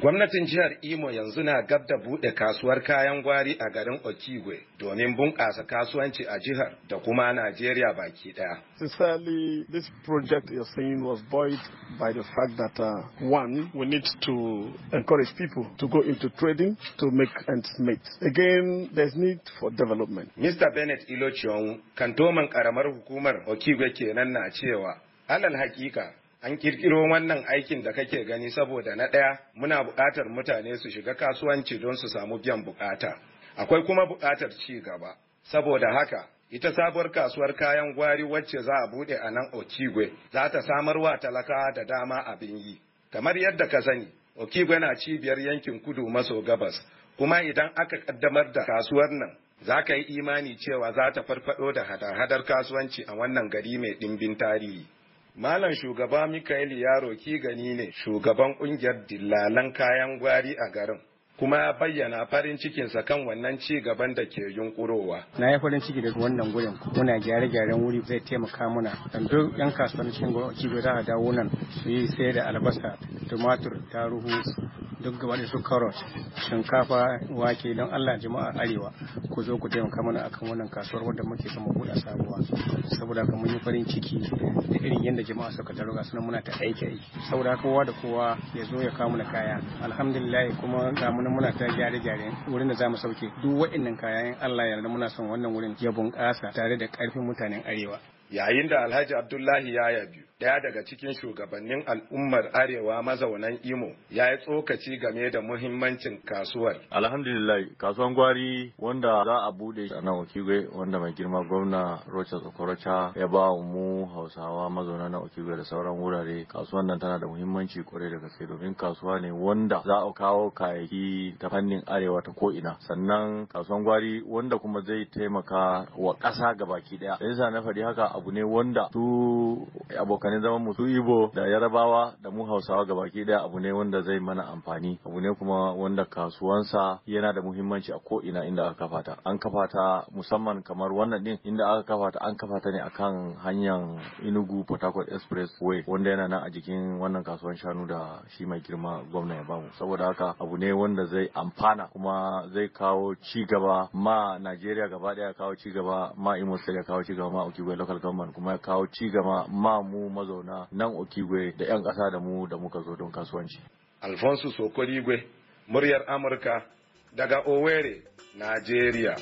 Gwamnatin jihar Imo yanzu na gab da buɗe kasuwar kayan gwari a garin Okigwe domin bunƙasa kasuwanci a jihar da kuma Najeriya baki ɗaya. Sincerely, this project you're saying was void by the fact that uh, one, we need to encourage people to go into trading to make ends meet. Again, there's need for development. Mr. Bennett Ilochiong, kantoman ƙaramar hukumar Okigwe kenan na cewa, alal hakika an kirkiro wannan aikin da kake gani saboda na ɗaya muna buƙatar mutane su shiga kasuwanci don su samu biyan buƙata akwai kuma buƙatar ci gaba saboda haka ita sabuwar kasuwar kayan gwari wacce za a buɗe a nan okigwe za ta samar wa talakawa da dama abin yi kamar yadda ka sani okigwe na cibiyar yankin kudu maso gabas kuma idan aka ƙaddamar da kasuwar nan za ka yi imani cewa za ta farfado da hada-hadar kasuwanci a wannan gari mai ɗimbin tarihi Malam shugaba Mikaeli ya roki gani ne shugaban kungiyar dillalan kayan gwari a garin kuma ya bayyana farin cikinsa kan wannan ci gaban da ke yunkurowa. Na yi farin ciki da wannan gurin muna gyare-gyaren wuri zai taimaka muna don duk yan kasuwan cikin za a dawo nan su yi sai da albasa tumatur taruhu duk gaba da su karot, shinkafa wake don Allah jama'a arewa ku zo ku taimaka mana akan wannan kasuwar wanda muke son mu buɗa sabuwa saboda haka mun yi farin ciki da irin yadda jama'a suka taro ga sunan muna ta aiki aiki saboda kowa da kowa ya zo ya kawo mana kaya alhamdulillah kuma ga mun nan muna ta gyare-gyare wurin da zamu sauke duk waɗannan kayan Allah ya yarda muna son wannan wurin ya bunƙasa tare da ƙarfin mutanen arewa yayin da Alhaji Abdullahi ya yabi ɗaya daga cikin shugabannin al'ummar arewa mazaunan imo ya yi tsokaci game da muhimmancin kasuwar alhamdulillah kasuwan gwari wanda za a bude a nan okigwe wanda mai girma gwamna rocha tsokorocha ya ba mu hausawa mazauna na okigwe da sauran wurare kasuwan nan tana da muhimmanci kwarai da gaske domin kasuwa ne wanda za a kawo kayayyaki ta fannin arewa ta ko'ina sannan kasuwan gwari wanda kuma zai taimaka wa ƙasa gabaki ɗaya. yanzu na faɗi haka abu ne wanda su abokan amfanin zaman musu Ibo da Yarabawa da mu Hausawa gabaki daya abu ne wanda zai mana amfani abu ne kuma wanda kasuwansa yana da muhimmanci a ko ina inda aka kafa ta an kafa ta musamman kamar wannan din inda aka kafa ta an kafa ta ne akan hanyar inugu Port Harcourt way wanda yana nan a jikin wannan kasuwan shanu da shi mai girma gwamna ya bamu saboda haka abu ne wanda zai amfana kuma zai kawo ci gaba ma Najeriya gaba daya kawo ci gaba ma Imo State ya kawo ci gaba ma Okigwe local government kuma ya kawo ci gaba ma mu mazauna nan okigwe da 'yan ƙasa da mu da muka zo don kasuwanci alfonso sokorigwe muryar amurka daga owerri najeriya